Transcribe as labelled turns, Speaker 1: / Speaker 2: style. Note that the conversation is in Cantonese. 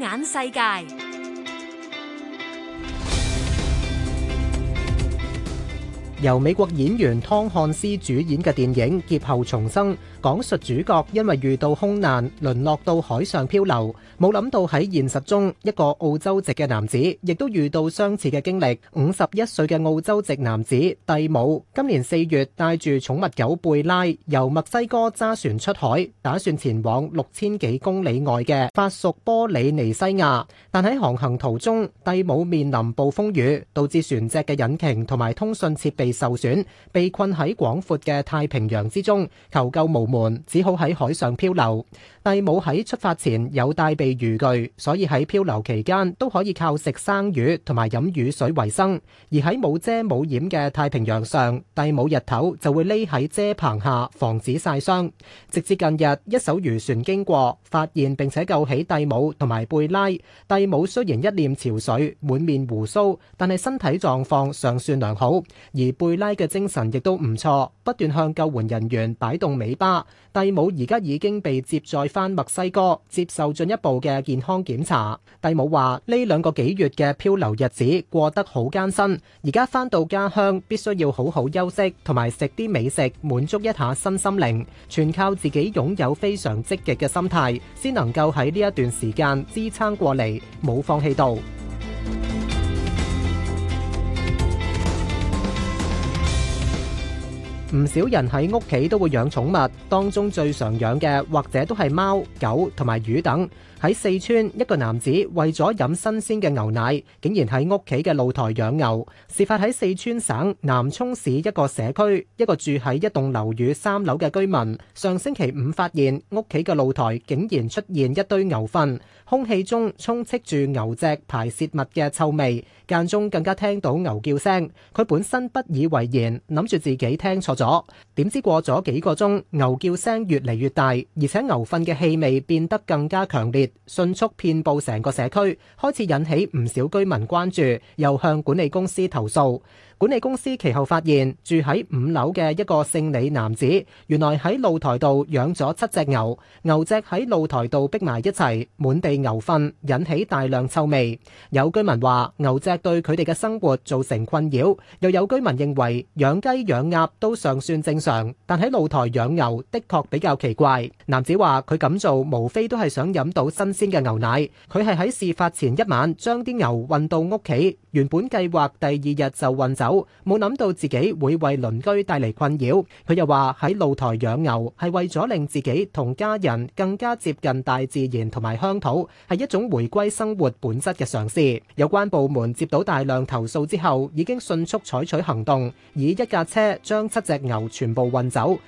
Speaker 1: 眼世界。由美國演員湯漢斯主演嘅電影《劫後重生》，講述主角因為遇到空難，淪落到海上漂流，冇諗到喺現實中，一個澳洲籍嘅男子亦都遇到相似嘅經歷。五十一歲嘅澳洲籍男子蒂姆，今年四月帶住寵物狗貝拉，由墨西哥揸船出海，打算前往六千幾公里外嘅法屬波里尼西亞，但喺航行途中，蒂姆面臨暴風雨，導致船隻嘅引擎同埋通訊設備被受損。貝拉嘅精神亦都唔錯，不斷向救援人員擺動尾巴。蒂姆而家已經被接載翻墨西哥，接受進一步嘅健康檢查。蒂姆話：呢兩個幾月嘅漂流日子過得好艱辛，而家翻到家鄉必須要好好休息，同埋食啲美食，滿足一下新心靈。全靠自己擁有非常積極嘅心態，先能夠喺呢一段時間支撐過嚟，冇放棄到。唔少人喺屋企都會養寵物，當中最常養嘅或者都係貓、狗同埋魚等。喺四川，一個男子為咗飲新鮮嘅牛奶，竟然喺屋企嘅露台養牛。事發喺四川省南充市一個社區，一個住喺一棟樓宇三樓嘅居民，上星期五發現屋企嘅露台竟然出現一堆牛糞，空氣中充斥住牛隻排泄物嘅臭味，間中更加聽到牛叫聲。佢本身不以為然，諗住自己聽錯咗，點知過咗幾個鐘，牛叫聲越嚟越大，而且牛糞嘅氣味變得更加強烈，迅速遍佈成個社區，開始引起唔少居民關注，又向管理公司投訴。管理公司其後發現住喺五樓嘅一個姓李男子，原來喺露台度養咗七隻牛，牛隻喺露台度逼埋一齊，滿地牛糞，引起大量臭味。有居民話牛隻對佢哋嘅生活造成困擾，又有居民認為養雞養鴨都尚算正常，但喺露台養牛的確比較奇怪。男子話佢咁做無非都係想飲到新鮮嘅牛奶，佢係喺事發前一晚將啲牛運到屋企，原本計劃第二日就運走。冇諗到自己會為鄰居帶嚟困擾，佢又話喺露台養牛係為咗令自己同家人更加接近大自然同埋鄉土，係一種回歸生活本質嘅嘗試。有關部門接到大量投訴之後，已經迅速採取行動，以一架車將七隻牛全部運走。